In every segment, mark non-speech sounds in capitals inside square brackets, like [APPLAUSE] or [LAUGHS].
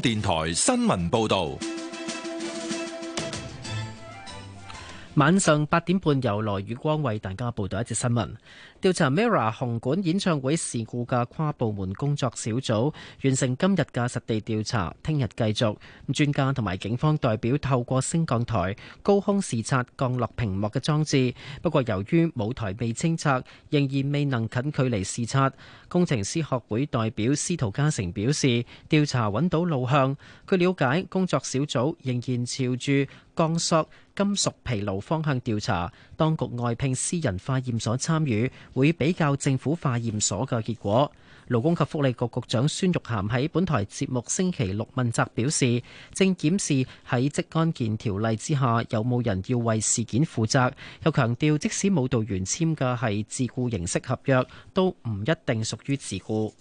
電台新聞報道。晚上八點半，由羅宇光為大家報道一則新聞。調查 MIRROR 紅館演唱會事故嘅跨部門工作小組完成今日嘅實地調查，聽日繼續專家同埋警方代表透過升降台高空視察降落屏幕嘅裝置。不過由於舞台未清拆，仍然未能近距離視察。工程師學會代表司徒嘉誠表示，調查揾到路向。據了解工作小組仍然朝住。鋼索金屬疲勞方向調查，當局外聘私人化驗所參與，會比較政府化驗所嘅結果。勞工及福利局局局長孫玉涵喺本台節目星期六問責表示，正檢視喺職安健條例之下有冇人要為事件負責，又強調，即使舞蹈員簽嘅係自雇形式合約，都唔一定屬於自僱。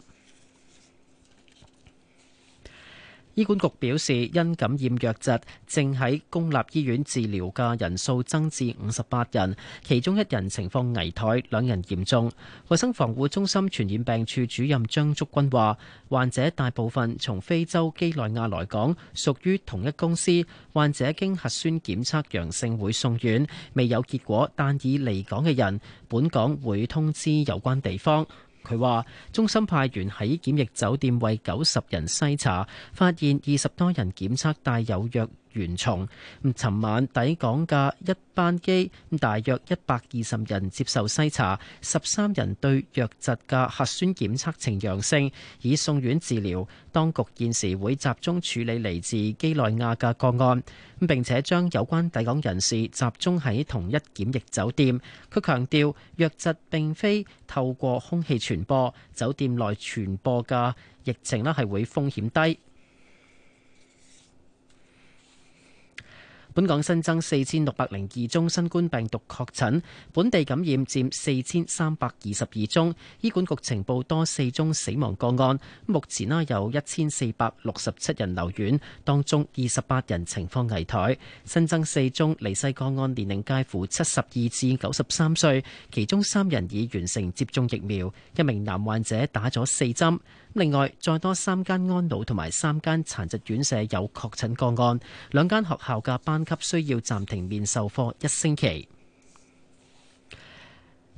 醫管局表示，因感染瘧疾，正喺公立醫院治療嘅人數增至五十八人，其中一人情況危殆，兩人嚴重。衛生防護中心傳染病處主任張竹君話，患者大部分從非洲幾內亞來港，屬於同一公司。患者經核酸檢測陽性會送院，未有結果但已離港嘅人，本港會通知有關地方。佢話中心派員喺檢疫酒店為九十人篩查，發現二十多人檢測帶有弱原蟲尋晚抵港嘅一班機大約一百二十人接受篩查，十三人對瘧疾嘅核酸檢測呈陽性，已送院治療，當局現時會集中處理嚟自基內亞嘅個案，並且將有關抵港人士集中喺同一檢疫酒店。佢強調瘧疾並非透過空氣傳播，酒店內傳播噶疫情咧係會風險低。本港新增四千六百零二宗新冠病毒確診，本地感染佔四千三百二十二宗。醫管局呈報多四宗死亡個案，目前呢有一千四百六十七人留院，當中二十八人情況危殆。新增四宗離世個案，年齡介乎七十二至九十三歲，其中三人已完成接種疫苗，一名男患者打咗四針。另外，再多三間安老同埋三間殘疾院舍有確診個案，兩間學校嘅班級需要暫停面授課一星期。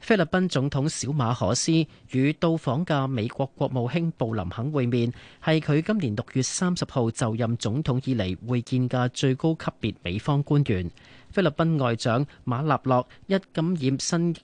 菲律賓總統小馬可斯與到訪嘅美國國務卿布林肯會面，係佢今年六月三十號就任總統以嚟會見嘅最高級別美方官員。菲律賓外長馬納洛一感染新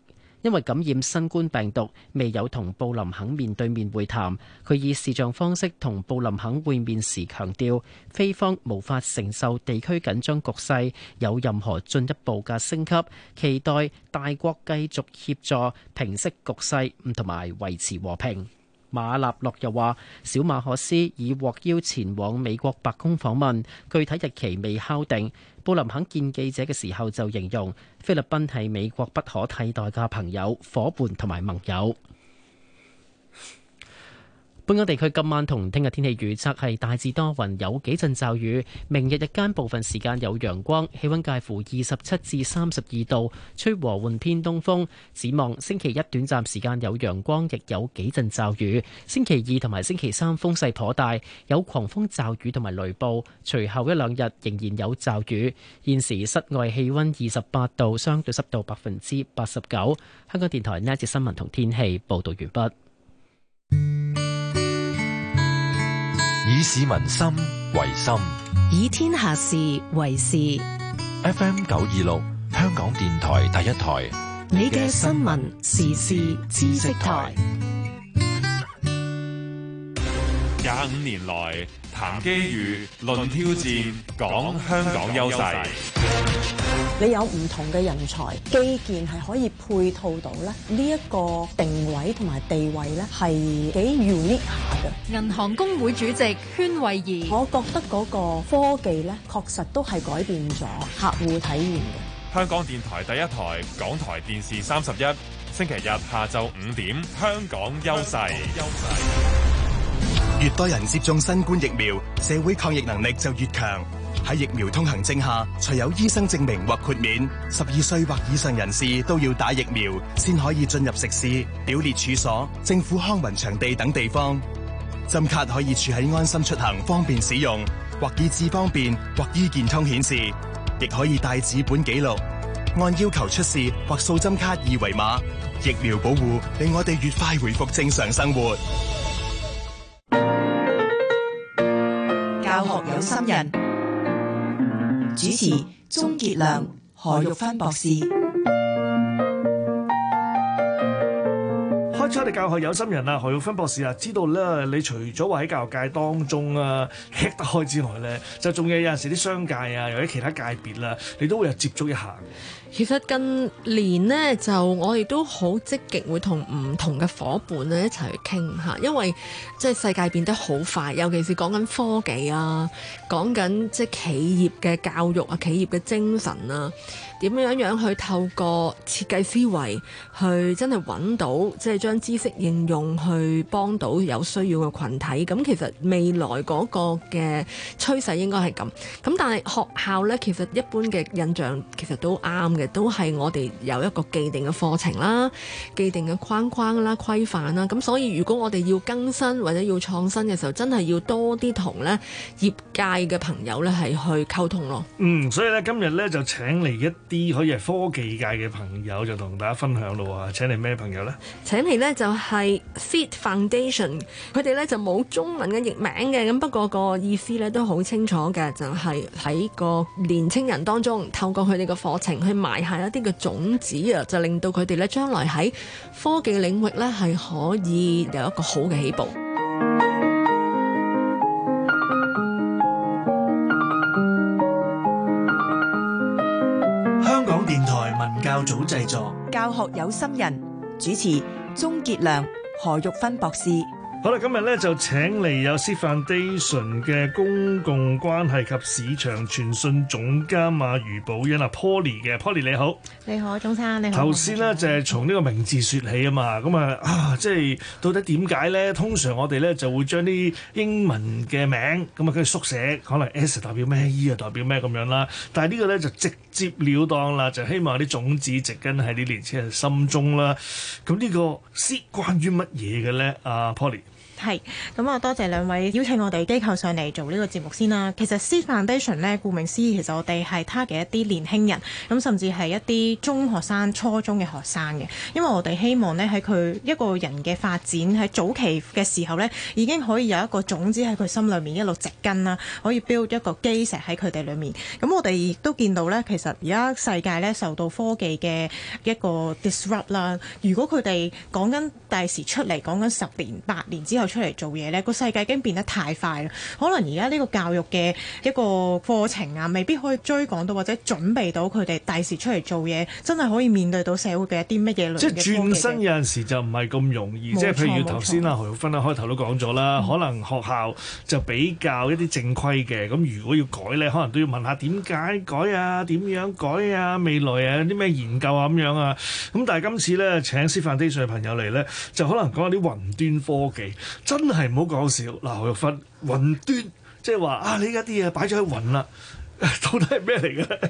因為感染新冠病毒，未有同布林肯面對面會談。佢以視像方式同布林肯會面時，強調菲方無法承受地區緊張局勢有任何進一步嘅升級，期待大國繼續協助平息局勢，唔同埋維持和平。馬立洛又話，小馬可斯已獲邀前往美國白宮訪問，具體日期未敲定。布林肯見記者嘅時候就形容菲律賓係美國不可替代嘅朋友、夥伴同埋盟友。本港地區今晚同聽日天氣預測係大致多雲，有幾陣驟雨。明日日間部分時間有陽光，氣温介乎二十七至三十二度，吹和緩偏東風。展望星期一短暫時間有陽光，亦有幾陣驟雨。星期二同埋星期三風勢頗大，有狂風驟雨同埋雷暴。隨後一兩日仍然有驟雨。現時室外氣温二十八度，相對濕度百分之八十九。香港電台呢一節新聞同天氣報導完畢。以市民心為心，以天下事為事。FM 九二六，香港電台第一台，你嘅新聞時事知識台。廿五年來談機遇，論挑戰，講香港優勢。你有唔同嘅人才基建係可以配套到咧？呢、這、一個定位同埋地位咧，係幾 unique 下嘅。銀行公會主席圈慧儀，我覺得嗰個科技咧，確實都係改變咗客戶體驗嘅。香港電台第一台，港台電視三十一，星期日下晝五點，香港優勢，香港優勢。越多人接種新冠疫苗，社會抗疫能力就越強。喺疫苗通行證下，除有醫生證明或豁免，十二歲或以上人士都要打疫苗，先可以進入食肆、表列處所、政府康文場地等地方。針卡可以儲喺安心出行，方便使用，或意志方便，或醫健通顯示，亦可以帶紙本記錄，按要求出示或掃針卡二維碼。疫苗保護令我哋越快回復正常生活。教學有心人。主持：鍾杰良、何玉芬博士。出嚟教學有心人啊，何耀芬博士啊，知道咧，你除咗話喺教育界當中啊，吃得開之外咧，就仲要有陣時啲商界啊，或者其他界別啦，你都會有接觸一下。其實近年咧，就我哋都好積極會同唔同嘅夥伴咧一齊去傾下，因為即係世界變得好快，尤其是講緊科技啊，講緊即係企業嘅教育啊，企業嘅精神啊，點樣樣去透過設計思維去真係揾到，即係將。知識應用去幫到有需要嘅群體，咁其實未來嗰個嘅趨勢應該係咁。咁但係學校咧，其實一般嘅印象其實都啱嘅，都係我哋有一個既定嘅課程啦，既定嘅框框啦，規範啦。咁所以如果我哋要更新或者要創新嘅時候，真係要多啲同咧業界嘅朋友咧係去溝通咯。嗯，所以咧今日咧就請嚟一啲可以係科技界嘅朋友就同大家分享咯喎。請嚟咩朋友咧？請嚟咧～就係、是、SEED Foundation，佢哋咧就冇中文嘅譯名嘅，咁不過個意思咧都好清楚嘅，就係喺個年青人當中，透過佢哋嘅課程去埋下一啲嘅種子啊，就令到佢哋咧將來喺科技領域咧係可以有一個好嘅起步。香港電台文教組製作，教學有心人主持。鍾傑良、何玉芬博士。好啦，今日咧就請嚟有 SEED Foundation 嘅公共關係及市場傳訊總監啊，喻葆欣啊，Polly 嘅 Polly 你好，你好，鐘生你好。頭先咧就係從呢個名字說起啊嘛，咁、嗯、啊啊即係到底點解咧？通常我哋咧就會將啲英文嘅名咁啊佢縮寫可能 S 代表咩，E 啊代表咩咁樣啦。但係呢個咧就直接了當啦，就希望啲種子植根喺啲年輕人心中啦。咁呢個 C 關於乜嘢嘅咧？啊、uh, Polly？係咁啊，多謝兩位邀請我哋機構上嚟做呢個節目先啦。其實 Seed Foundation 咧，顧名思義，其實我哋係 target 一啲年輕人，咁甚至係一啲中學生、初中嘅學生嘅。因為我哋希望咧喺佢一個人嘅發展喺早期嘅時候咧，已經可以有一個種子喺佢心裏面一路植根啦，可以 build 一個基石喺佢哋裏面。咁我哋亦都見到咧，其實而家世界咧受到科技嘅一個 disrupt 啦。如果佢哋講緊第時出嚟，講緊十年、八年之後。出嚟做嘢，呢個世界已經變得太快啦。可能而家呢個教育嘅一個課程啊，未必可以追趕到，或者準備到佢哋第時出嚟做嘢，真係可以面對到社會嘅一啲乜嘢類嘅。即係轉身有陣時就唔係咁容易，即係譬如頭先啊何玉芬啊開頭都講咗啦，可能學校就比較一啲正規嘅。咁、嗯、如果要改呢，可能都要問下點解改啊，點樣改啊，未來啊啲咩研究啊咁樣啊。咁但係今次呢，請 Foundation 嘅朋友嚟呢，就可能講下啲雲端科技。真係唔好講笑！嗱，侯玉芬，雲端即係話啊，你而家啲嘢擺咗喺雲啦，到底係咩嚟嘅？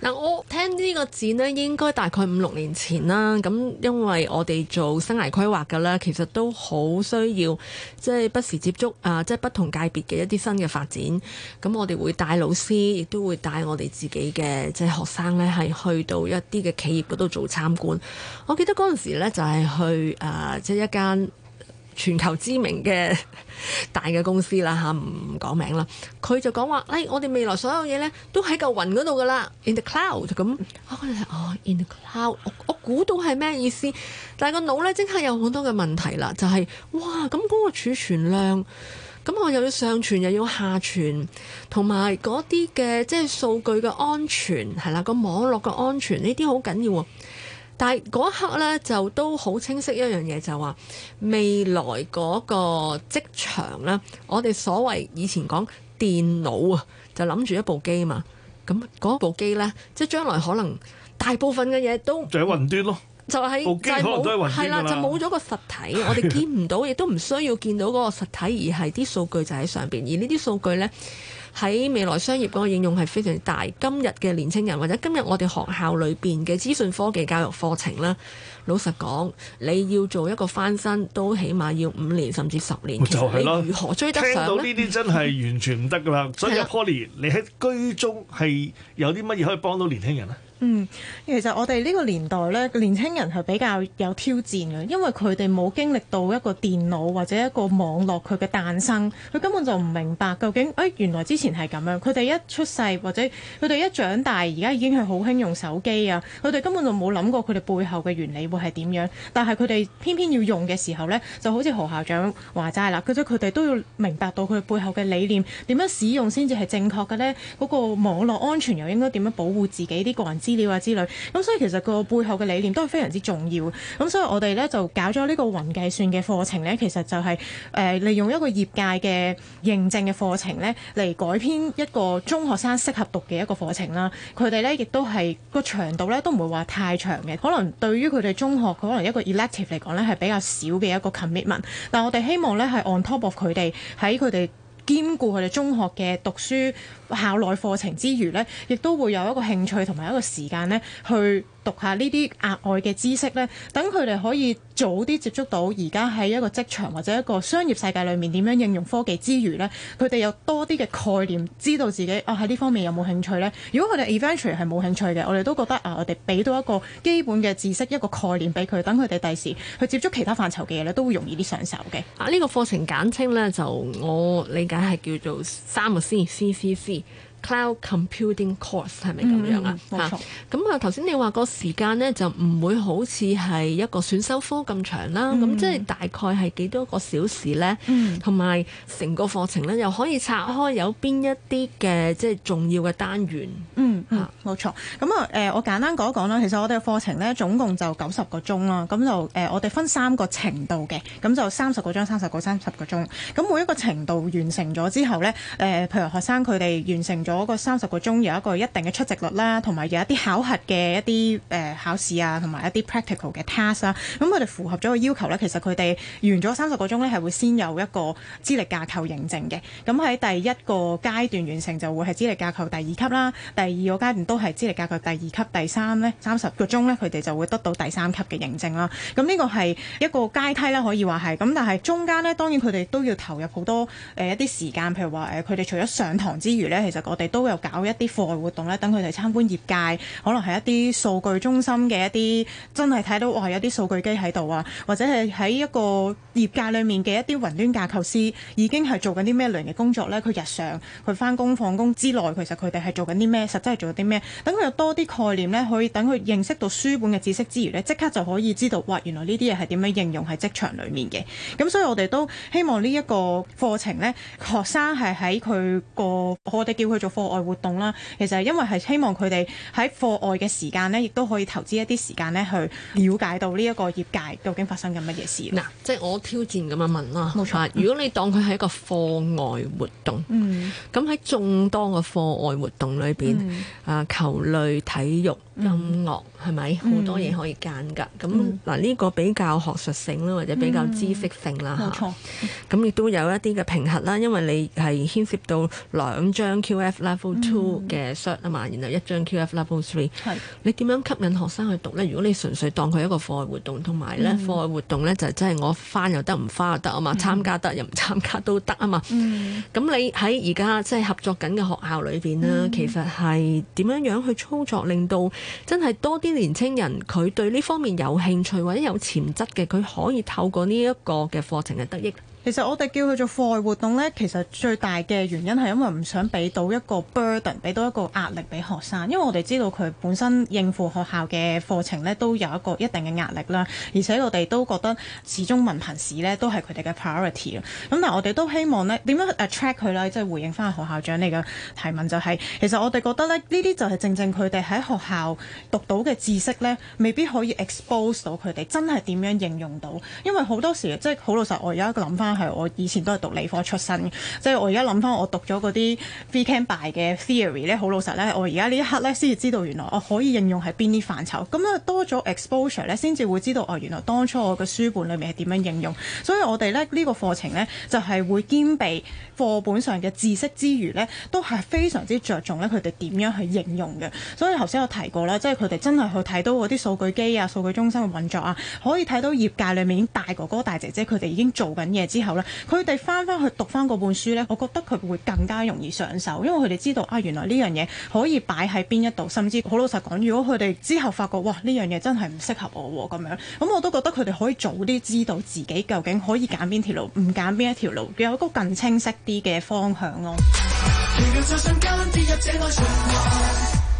嗱，我聽呢個展，咧，應該大概五六年前啦。咁，因為我哋做生涯規劃㗎啦，其實都好需要即係、就是、不時接觸啊，即、就、係、是、不同界別嘅一啲新嘅發展。咁我哋會帶老師，亦都會帶我哋自己嘅即係學生呢，係去到一啲嘅企業嗰度做參觀。我記得嗰陣時咧、啊，就係去啊，即係一間。全球知名嘅大嘅公司啦嚇，唔講名啦，佢就講話，誒、哎，我哋未來所有嘢咧都喺嚿雲嗰度噶啦，in the cloud 咁，哦，in the cloud，我我估到係咩意思，但係個腦咧即刻有好多嘅問題啦，就係、是、哇，咁、那、嗰個儲存量，咁我又要上傳又要下傳，同埋嗰啲嘅即係數據嘅安全係啦，個網絡嘅安全呢啲好緊要。但係嗰一刻咧，就都好清晰一樣嘢，就話未來嗰個職場咧，我哋所謂以前講電腦啊，就諗住一部機嘛。咁嗰部機咧，即係將來可能大部分嘅嘢都就喺雲端咯。就喺部機可能都喺雲端啊嘛。係啦，就冇咗個實體，我哋見唔到，亦 [LAUGHS] 都唔需要見到嗰個實體，而係啲數據就喺上面。而呢啲數據咧。喺未來商業嗰個應用係非常之大。今日嘅年輕人或者今日我哋學校裏面嘅資訊科技教育課程咧，老實講，你要做一個翻身，都起碼要五年甚至十年。就係如何追得上呢、就是、聽到呢啲真係完全唔得噶啦。 [LAUGHS] 所以 Poly，你喺居中係有啲乜嘢可以幫到年輕人呢？嗯，其實我哋呢個年代咧，年輕人係比較有挑戰嘅，因為佢哋冇經歷到一個電腦或者一個網絡佢嘅誕生，佢根本就唔明白究竟誒、哎、原來之前係咁樣，佢哋一出世或者佢哋一長大，而家已經係好興用手機啊。佢哋根本就冇諗過佢哋背後嘅原理會係點樣，但係佢哋偏偏要用嘅時候咧，就好似何校長話齋啦，覺得佢哋都要明白到佢哋背後嘅理念點樣使用先至係正確嘅咧。嗰個網絡安全又應該點樣保護自己啲個人資料啊，之類咁，所以其實個背後嘅理念都係非常之重要。咁所以我哋咧就搞咗呢個雲計算嘅課程咧，其實就係誒利用一個業界嘅認證嘅課程咧，嚟改編一個中學生適合讀嘅一個課程啦。佢哋咧亦都係、個長度咧都唔會話太長嘅，可能對於佢哋中學可能一個 elective 嚟講咧係比較少嘅一個 commitment。但我哋希望咧係 on top of 佢哋喺佢哋。兼顧佢哋中學嘅讀書校內課程之餘咧，亦都會有一個興趣同埋一個時間咧去。讀下呢啲額外嘅知識咧，等佢哋可以早啲接觸到而家喺一個職場或者一個商業世界裏面點樣應用科技之餘呢，佢哋有多啲嘅概念，知道自己啊喺呢方面有冇興趣呢。如果佢哋 eventually 係冇興趣嘅，我哋都覺得啊，我哋俾到一個基本嘅知識，一個概念俾佢，等佢哋第時去接觸其他範疇嘅嘢咧，都會容易啲上手嘅。啊，呢個課程簡稱呢，就我理解係叫做三個 C C C。Cloud computing course 係咪咁樣？嗯、沒啊？冇錯。咁啊，頭先你話個時間咧就唔會好似係一個選修科咁長啦。咁即係大概係幾多個小時咧？嗯。同埋成個課程咧又可以拆開有邊一啲嘅即係重要嘅單元？嗯冇、嗯啊、錯。咁啊誒，我簡單講一講啦。其實我哋嘅課程咧總共就九十個鐘啦。咁就誒、呃，我哋分三個程度嘅。咁就三十個鐘，三十個鐘，三十個鐘。咁每一個程度完成咗之後咧，誒、呃，譬如學生佢哋完成咗。咗個三十個鐘，有一個一定嘅出席率啦，同埋有一啲考核嘅一啲誒、呃、考試啊，同埋一啲 practical 嘅 task 啦。咁佢哋符合咗個要求呢，其實佢哋完咗三十個鐘呢，係會先有一個資歷架構認證嘅。咁喺第一個階段完成就會係資歷架構第二級啦。第二個階段都係資歷架構第二級。第三呢，三十個鐘呢，佢哋就會得到第三級嘅認證啦。咁呢個係一個階梯啦，可以話係。咁但係中間呢，當然佢哋都要投入好多誒、呃、一啲時間，譬如話誒佢哋除咗上堂之餘呢，其實我哋都有搞一啲課外活動咧，等佢哋參觀業界，可能係一啲數據中心嘅一啲真係睇到哇，有啲數據機喺度啊，或者係喺一個業界裏面嘅一啲雲端架構師已經係做緊啲咩類型嘅工作呢？佢日常佢翻工放工之內，其實佢哋係做緊啲咩？實際係做緊啲咩？等佢有多啲概念呢，可以等佢認識到書本嘅知識之餘呢，即刻就可以知道哇，原來呢啲嘢係點樣應用喺職場裏面嘅。咁所以我哋都希望呢一個課程呢學生係喺佢個我哋叫佢做。課外活動啦，其實係因為係希望佢哋喺課外嘅時間咧，亦都可以投資一啲時間咧，去了解到呢一個業界究竟發生緊乜嘢事。嗱，即係我挑戰咁樣問啦，冇錯，如果你當佢係一個課外活動，咁、嗯、喺眾多嘅課外活動裏邊、嗯，啊球類、體育、嗯、音樂係咪好多嘢可以揀㗎？咁嗱呢個比較學術性啦，或者比較知識性啦。冇、嗯、錯，咁亦都有一啲嘅評核啦，因為你係牽涉到兩張 QF。Level two 嘅 shirt 啊嘛，然後一張 QF level three。你點樣吸引學生去讀呢？如果你純粹當佢一個課外活動，同埋咧課外活動呢，就真係我翻又得，唔翻又得啊嘛，參加得又唔參加都得啊嘛。嗯。咁你喺而家即係合作緊嘅學校裏邊咧，其實係點樣樣去操作，令到真係多啲年青人佢對呢方面有興趣或者有潛質嘅，佢可以透過呢一個嘅課程嘅得益。其實我哋叫佢做課外活動呢，其實最大嘅原因係因為唔想俾到一個 burden，俾到一個壓力俾學生，因為我哋知道佢本身應付學校嘅課程呢，都有一個一定嘅壓力啦。而且我哋都覺得始終文憑試呢，都係佢哋嘅 priority。咁但係我哋都希望呢，點樣 attract 佢呢？即係回應翻何校長你嘅提問，就係其實我哋覺得呢，呢啲就係正正佢哋喺學校讀到嘅知識呢，未必可以 expose 到佢哋真係點樣應用到。因為好多時即係好老實我，我而家諗翻。係我以前都係讀理科出身嘅，即係我而家諗翻，我讀咗嗰啲 phy chem bio 嘅 theory 咧，好老實咧，我而家呢一刻咧先至知道原來我可以應用喺邊啲範疇，咁咧多咗 exposure 咧，先至會知道哦，原來當初我嘅書本裡面係點樣應用，所以我哋咧呢、呢個課程咧就係、係、會兼備課本上嘅知識之餘咧，都係非常之着重咧佢哋點樣去應用嘅。所以頭先我提過啦，即係佢哋真係去睇到嗰啲數據機啊、數據中心嘅運作啊，可以睇到業界裡面已經大哥哥大姐姐佢哋已經做緊嘢。之後咧，佢哋翻翻去讀翻嗰本書呢，我覺得佢會更加容易上手，因為佢哋知道啊，原來呢樣嘢可以擺喺邊一度，甚至好老實講，如果佢哋之後發覺哇，呢樣嘢真係唔適合我咁樣，咁我都覺得佢哋可以早啲知道自己究竟可以揀邊條路，唔揀邊一條路，有一個更清晰啲嘅方向咯。 [MUSIC]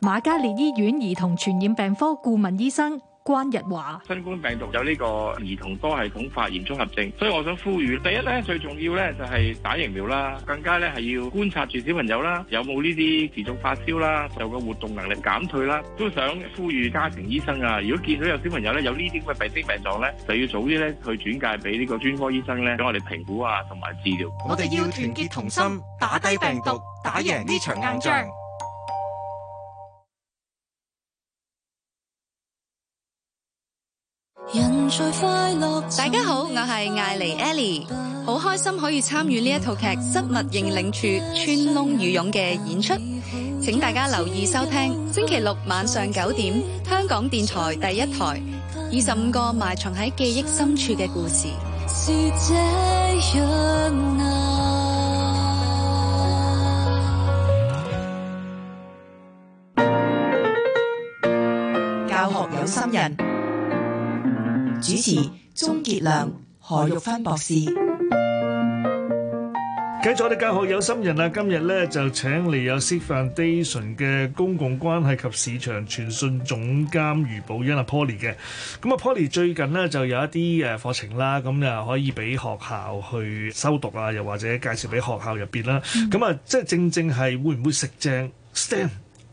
馬嘉烈醫院兒童傳染病科顧問醫生。關日華，新冠病毒有呢個兒童多系統發炎綜合症，所以我想呼籲，第一咧最重要咧就係打疫苗啦，更加咧係要觀察住小朋友啦，有冇呢啲持續發燒啦，有個活動能力減退啦，都想呼籲家庭醫生啊，如果見到有小朋友咧有呢啲咁嘅病症病狀咧，就要早啲咧去轉介俾呢個專科醫生咧，俾我哋評估啊同埋治療。我哋要團結同心，打低病毒，打贏呢場硬仗。大家好，我係艾莉 Ellie，好開心可以參與呢一套劇《失物認領處穿窿羽絨》嘅演出，請大家留意收聽，星期六晚上九點，香港電台第一台，二十五個埋藏喺記憶深處嘅故事。教學有心人。主持鍾杰良、何玉芬博士。咁繼續我哋教學有心人啦，今日咧，就請嚟有 SEED Foundation 嘅公共關係及市場傳訊總監喻葆欣啊 Polly 嘅。咁啊 Polly 最近呢，就有一啲誒課程啦，咁又可以俾學校去修讀啊，又或者介紹俾學校入邊啦。咁、嗯、啊，即係正正係會唔會食正 stand？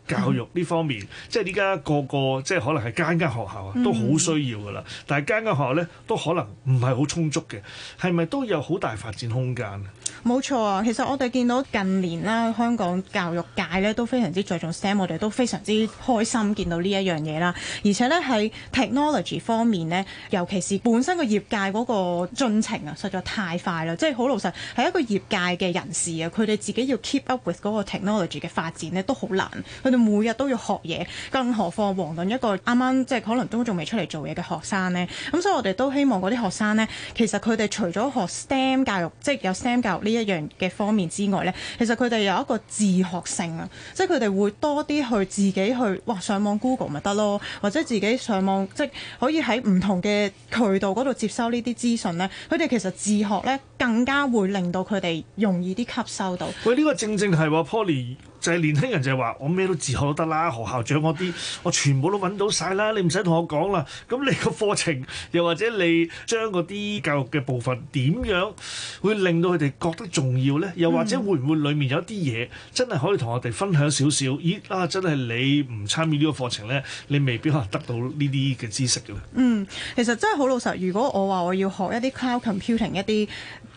教育呢方面，嗯、即係而家個個，即係可能係間間學校啊，都好需要噶啦。嗯、但係間間學校咧，都可能唔係好充足嘅，係咪都有好大發展空間啊？冇錯啊！其實我哋見到近年啦，香港教育界咧都非常之着重 STEM，我哋都非常之開心見到呢一樣嘢啦。而且咧喺 technology 方面咧，尤其是本身個業界嗰個進程啊，實在太快啦！即係好老實，係一個業界嘅人士啊，佢哋自己要 keep up with 嗰個 technology 嘅發展咧，都好難。每日都要學嘢，更何況黃頓一個啱啱即係可能都仲未出嚟做嘢嘅學生呢。咁所以，我哋都希望嗰啲學生呢，其實佢哋除咗學 STEM 教育，即係有 STEM 教育呢一樣嘅方面之外呢，其實佢哋有一個自學性啊，即係佢哋會多啲去自己去，哇，上網 Google 咪得咯，或者自己上網即係可以喺唔同嘅渠道嗰度接收呢啲資訊呢。佢哋其實自學呢更加會令到佢哋容易啲吸收到。喂，呢個正正係話 Poly。就係、是、年輕人就係話我咩都自學都得啦，學校長嗰啲我全部都揾到晒啦，你唔使同我講啦。咁你個課程又或者你將嗰啲教育嘅部分點樣會令到佢哋覺得重要呢？又或者會唔會裏面有啲嘢真係可以同我哋分享少少？咦！啊，真係你唔參與呢個課程呢？你未必可能得到呢啲嘅知識㗎。嗯，其實真係好老實，如果我話我要學一啲 cloud computing 一啲。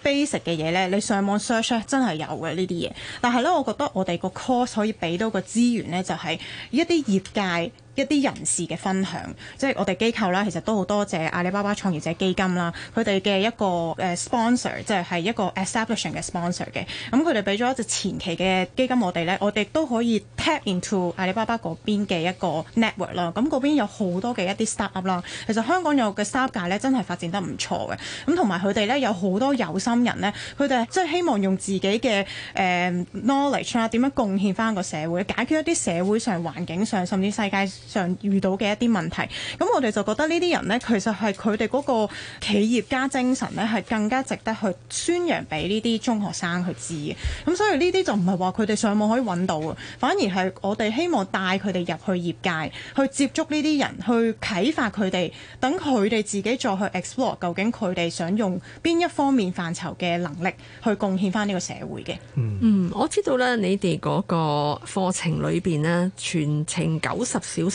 basic 嘅嘢咧，你上網 search 真係有嘅呢啲嘢，但係咧，我覺得我哋個 course 可以俾到個資源咧，就係一啲業界。一啲人士嘅分享，即係我哋機構啦，其實都好多謝阿里巴巴創業者基金啦，佢哋嘅一個誒、uh, sponsor，即係係一個 establishing 嘅 sponsor 嘅，咁佢哋俾咗一隻前期嘅基金，我呢，我哋咧，我哋都可以 tap into 阿里巴巴嗰邊嘅一個 network 啦，咁嗰邊有好多嘅一啲 startup 啦，其實香港有嘅 startup 界咧，真係發展得唔錯嘅，咁同埋佢哋咧有好多有心人咧，佢哋即係希望用自己嘅誒、uh, knowledge 啦，點樣貢獻翻個社會，解決一啲社會上、環境上，甚至世界。上遇到嘅一啲問題，咁我哋就覺得這些人呢啲人咧，其實係佢哋嗰個企業家精神咧，係更加值得去宣揚俾呢啲中學生去知嘅。咁所以呢啲就唔係話佢哋上網可以揾到嘅，反而係我哋希望帶佢哋入去業界，去接觸呢啲人，去啟發佢哋，等佢哋自己再去 explore 究竟佢哋想用邊一方面範疇嘅能力去貢獻翻呢個社會嘅。嗯，我知道咧，你哋嗰個課程裏邊咧，全程九十小。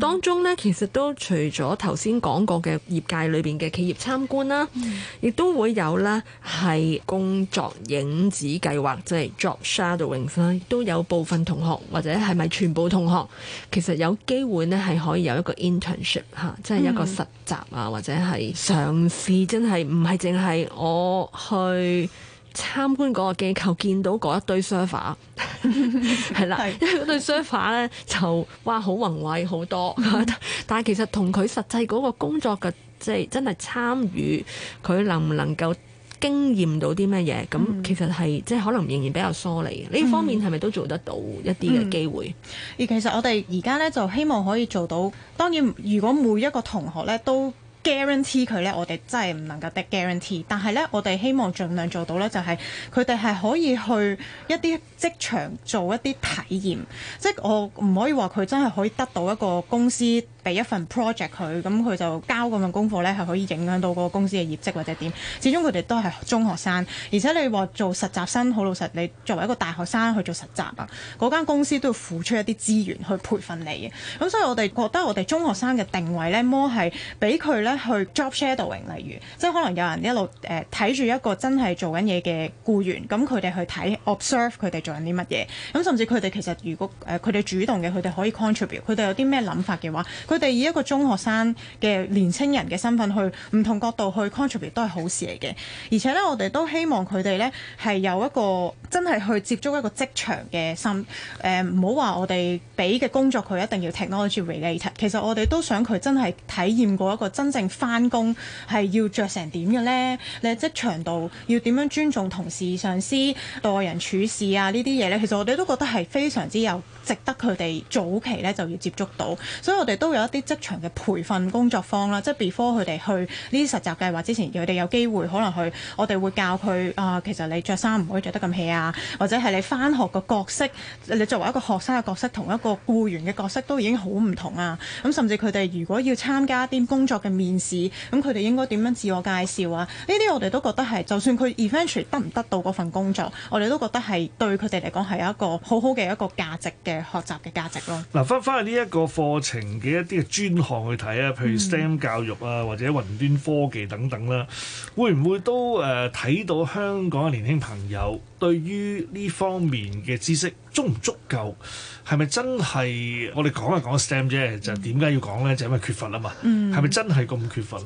當中咧，其實都除咗頭先講過嘅業界裏邊嘅企業參觀啦，亦都會有啦係工作影子計劃，即係 job shadowing 啦。都有部分同學或者係咪全部同學，其實有機會呢，係可以有一個 internship 吓，即係一個實習啊，或者係嘗試，真係唔係淨係我去。參觀嗰個機構，見到嗰一堆 server 係啦，因為嗰堆 server 咧就哇好宏偉好多，嗯、但係其實同佢實際嗰個工作嘅即係真係參與，佢能唔能夠經驗到啲咩嘢？咁、嗯、其實係即係可能仍然比較疏離。呢、嗯、方面係咪都做得到一啲嘅機會、嗯嗯？而其實我哋而家咧就希望可以做到。當然，如果每一個同學咧都，guarantee 佢咧，我哋真係唔能夠得 guarantee。但係咧，我哋希望盡量做到咧，就係佢哋係可以去一啲職場做一啲體驗，即係我唔可以話佢真係可以得到一個公司俾一份 project 佢，咁佢就交份功課咧係可以影響到個公司嘅業績或者點，始終佢哋都係中學生，而且你話做實習生好老實，你作為一個大學生去做實習啊，嗰間公司都要付出一啲資源去培訓你嘅。咁所以我哋覺得我哋中學生嘅定位咧，more 係俾佢咧，去 job shadowing，例如即係可能有人一路誒睇住一個真係做緊嘢嘅雇員，咁佢哋去睇 observe 佢哋做緊啲乜嘢，咁甚至佢哋其實如果誒佢哋主動嘅，佢哋可以 contribute，佢哋有啲咩諗法嘅話，佢哋以一個中學生嘅年青人嘅身份去唔同角度去 contribute 都係好事嚟嘅。而且咧，我哋都希望佢哋咧係有一個真係去接觸一個職場嘅心誒，唔好話我哋俾嘅工作佢一定要 technology related，其實我哋都想佢真係體驗過一個真正。翻工係要着成點嘅咧？你職場度要點樣尊重同事上司、待人處事啊？這些呢啲嘢咧，其實我哋都覺得係非常之有值得佢哋早期咧就要接觸到，所以我哋都有一啲職場嘅培訓工作坊啦，即係 before 佢哋去呢啲實習計劃之前，佢哋有機會可能去，我哋會教佢啊。其實你着衫唔可以着得咁 hea 啊，或者係你翻學個角色，你作為一個學生嘅角色，同一個僱員嘅角色都已經好唔同啊。咁甚至佢哋如果要參加一啲工作嘅面，事，咁佢哋應該點樣自我介紹啊？呢啲我哋都覺得係，就算佢 eventually 得唔得到嗰份工作，我哋都覺得係對佢哋嚟講係有一個好好嘅一個價值嘅學習嘅價值咯。嗱，翻翻去呢一個課程嘅一啲嘅專項去睇啊，譬如 STEM 教育啊、嗯，或者雲端科技等等啦，會唔會都誒睇到香港嘅年輕朋友對於呢方面嘅知識足唔足夠？係咪真係我哋講下講 STEM 啫？就點解要講咧？就因為缺乏啊嘛。係咪真係咁缺乏啊？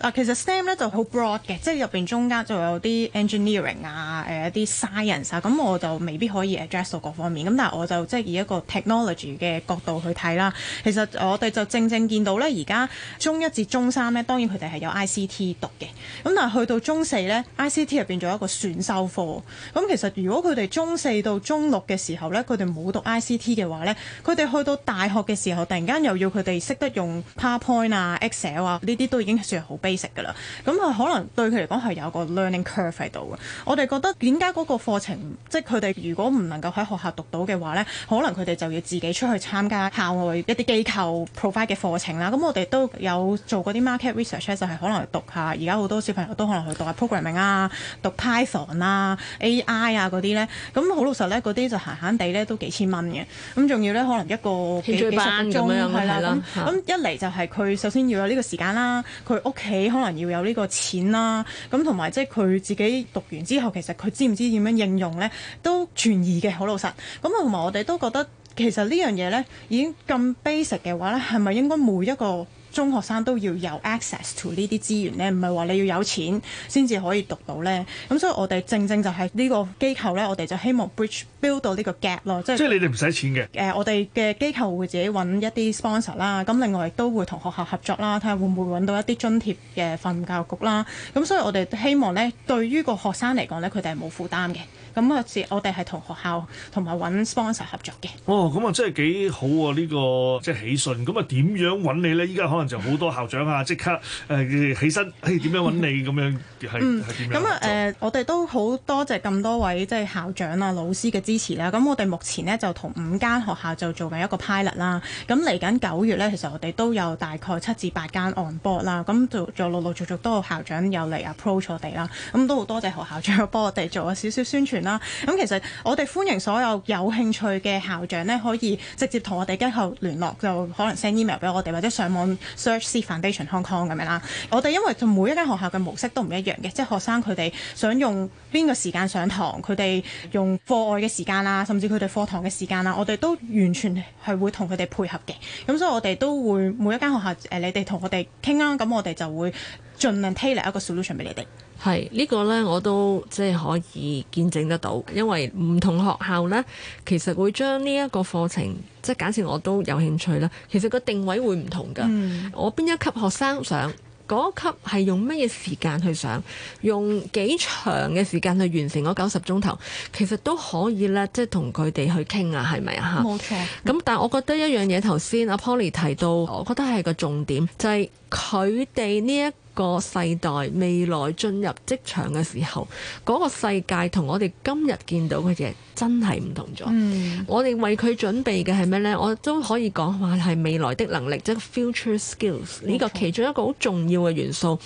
嗱，其實 STEM 咧就好 broad 嘅，即係入邊中間就有啲 engineering 啊，誒一啲 science 啊，咁我就未必可以 address 到各方面。咁但係我就即係以一個 technology 嘅角度去睇啦。其實我哋就正正見到咧，而家中一至中三咧，當然佢哋係有 ICT 讀嘅。咁但係去到中四咧，ICT 入邊仲有一個選修課。咁其實如果佢哋中四到中六嘅時候咧，佢哋冇讀 ICT 嘅話咧，佢哋去到大學嘅時候，突然間又要佢哋識得用 PowerPoint 啊、Excel 啊呢啲都已經算。好 basic 噶啦，咁啊可能對佢嚟講係有個 learning curve 喺度嘅。我哋覺得點解嗰個課程，即係佢哋如果唔能夠喺學校讀到嘅話咧，可能佢哋就要自己出去參加校外一啲機構 provide 嘅課程啦。咁我哋都有做嗰啲 market research，就係可能讀下而家好多小朋友都可能去讀下 programming 啊，讀 Python 啊、AI 啊嗰啲咧。咁好老實咧，嗰啲就閒閒地咧都幾千蚊嘅。咁仲要咧，可能一個幾十分鐘啦。咁、嗯、一嚟就係佢首先要有呢個時間啦，佢屋。佢可能要有呢個錢啦，咁同埋即係佢自己讀完之後，其實佢知唔知點樣應用咧，都存疑嘅，好老實，咁啊，同埋我哋都覺得其實這呢樣嘢咧，已經咁 basic 嘅話咧，係咪應該每一個。中學生都要有 access to 呢啲資源咧，唔係話你要有錢先至可以讀到咧。咁所以我哋正正就係呢個機構咧，我哋就希望 bridge build 到呢個 gap 咯，就是，即係即係你哋唔使錢嘅。誒、呃，我哋嘅機構會自己揾一啲 sponsor 啦，咁另外亦都會同學校合作啦，睇下會唔會揾到一啲津貼嘅教育局啦。咁所以我哋希望咧，對於個學生嚟講咧，佢哋係冇負擔嘅。咁啊，我哋係同學校同埋揾 sponsor 合作嘅。哦，咁啊真係幾好啊。這個就是、呢個即係喜訊。咁啊，點樣揾你咧？依家可能就好多校長啊，即刻誒起身，誒、哎、點樣揾你咁樣係點？咁啊誒，我哋都好多謝咁多位即係校長啊，老師嘅支持啦。咁我哋目前呢，就同五間學校就做緊一個 pilot 啦。咁嚟緊九月咧，其實我哋都有大概七至八間 on board 啦。咁就就陸陸續續都有校長又嚟 approach 我哋啦。咁都好多謝學校長幫我哋做咗少少宣傳啦。咁其實我哋歡迎所有有興趣嘅校長呢，可以直接同我哋機構聯絡，就可能 send email 俾我哋或者上網。SEED Foundation Hong Kong 咁樣啦，我哋因為每一間學校嘅模式都唔一樣嘅，即係學生佢哋想用邊個時間上堂，佢哋用課外嘅時間啦，甚至佢哋課堂嘅時間啦，我哋都完全係會同佢哋配合嘅。咁所以我哋都會每一間學校誒，你哋同我哋傾啦，咁我哋就會盡量 tailor 一個 solution 俾你哋，係呢、呢個呢，我都即係可以見證得到，因為唔同學校呢，其實會將呢一個課程，即係假設我都有興趣啦，其實個定位會唔同㗎、嗯。我邊一級學生上，嗰一級係用乜嘢時間去上，用幾長嘅時間去完成嗰九十鐘頭，其實都可以咧，即係同佢哋去傾啊，係咪啊？冇錯。咁但係我覺得一樣嘢，頭先阿 Polly 提到，我覺得係個重點，就係佢哋呢一個世代未來進入職場嘅時候，嗰、那個世界我們，同我哋今日見到嘅嘢真係唔同咗。嗯，我哋為佢準備嘅係咩呢？我都可以講話係未來的能力，即係 future skills 呢個其中一個好重要嘅元素，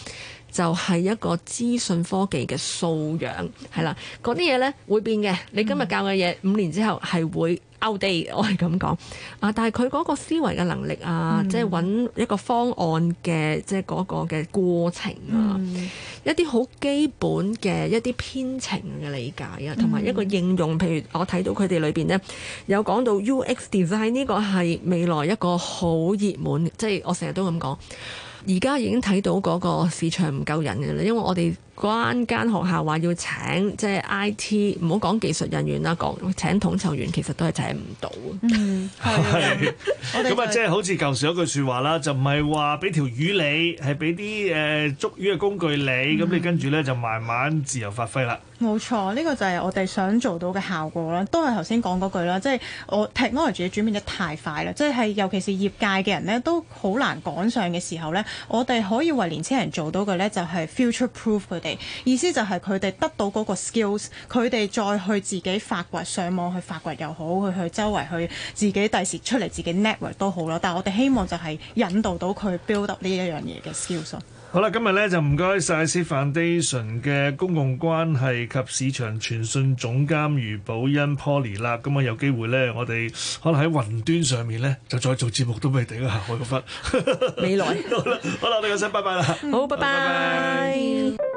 就係、是、一個資訊科技嘅素養係啦。嗰啲嘢呢會變嘅，你今日教嘅嘢，五、嗯、年之後係會。我係咁講啊！但係佢嗰個思維嘅能力啊，嗯、即係揾一個方案嘅，即係嗰個嘅過程啊，嗯、一啲好基本嘅一啲編程嘅理解啊，同、嗯、埋一個應用。譬如我睇到佢哋裏邊呢，有講到 UX design 呢個係未來一個好熱門，即係我成日都咁講。而家已經睇到嗰個市場唔夠人嘅啦，因為我哋，關間學校話要請即係 I.T. 唔好講技術人員啦，講請統籌員其實都係請唔到。嗯，係。 [LAUGHS] 咁啊，即係好似舊時有句説話啦，就唔係話俾條魚你，係俾啲誒捉魚嘅工具你，咁你跟住咧就慢慢自由發揮啦。冇錯，呢個就係我哋想做到嘅效果啦。都係頭先講嗰句啦，即係我 technology 轉變得太快啦，即係尤其是業界嘅人咧都好難趕上嘅時候咧，我哋可以為年青人做到嘅咧就係 future proof。意思就係佢哋得到嗰個 skills，佢哋再去自己發掘，上網去發掘又好，去去周圍去自己第時出嚟自己 network 都好咯。但係我哋希望就係引導到佢 build up 呢一樣嘢嘅 skills。好啦，今日咧就唔該曬 SEED Foundation 嘅公共關係及市場傳訊總監喻葆欣 Polly 啦。咁、嗯、啊，有機會咧，我哋可能喺雲端上面咧就再做節目都未定啊！我嘅分 [LAUGHS] 未來多啦。好啦，我哋講聲拜拜啦。好，拜拜。Bye bye bye bye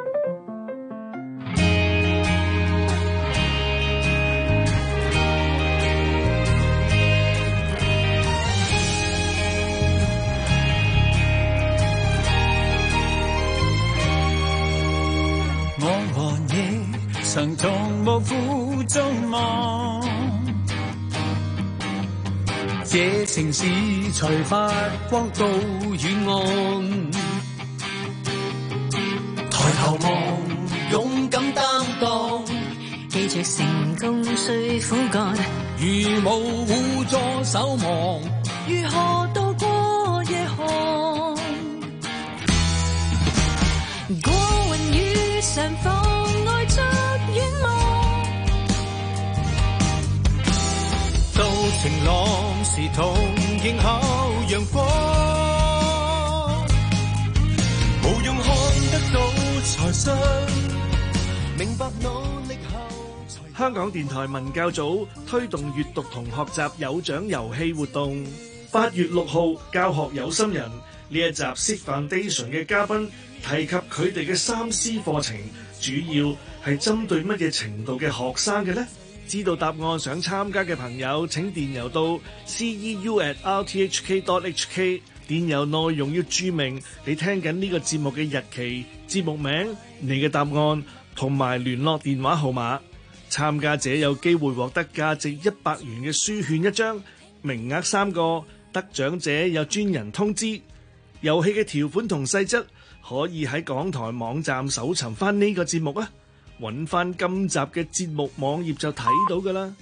曾從無負眾望，這城市才發光到遠岸。抬頭望，勇敢擔當，記住成功需苦幹。如無互助守望，如何度過夜空？過雲雨上方。香港電台文教組推動閱讀同學習有獎遊戲活動。八月六號教學有心人呢一集《SEED Foundation》嘅嘉賓提及佢哋嘅三思課程，主要係針對乜嘢程度嘅學生嘅呢？知道答案想參加嘅朋友請電郵到 c e u at r t h k dot h k 電郵內容要注明你聽緊呢個節目嘅日期、節目名、你嘅答案同埋聯絡電話號碼。參加者有機會獲得價值一百元嘅書券一張，名額三個，得獎者有專人通知。遊戲嘅條款同細則可以喺港台網站搜尋翻呢個節目啊！揾返今集嘅節目網頁就睇到㗎啦。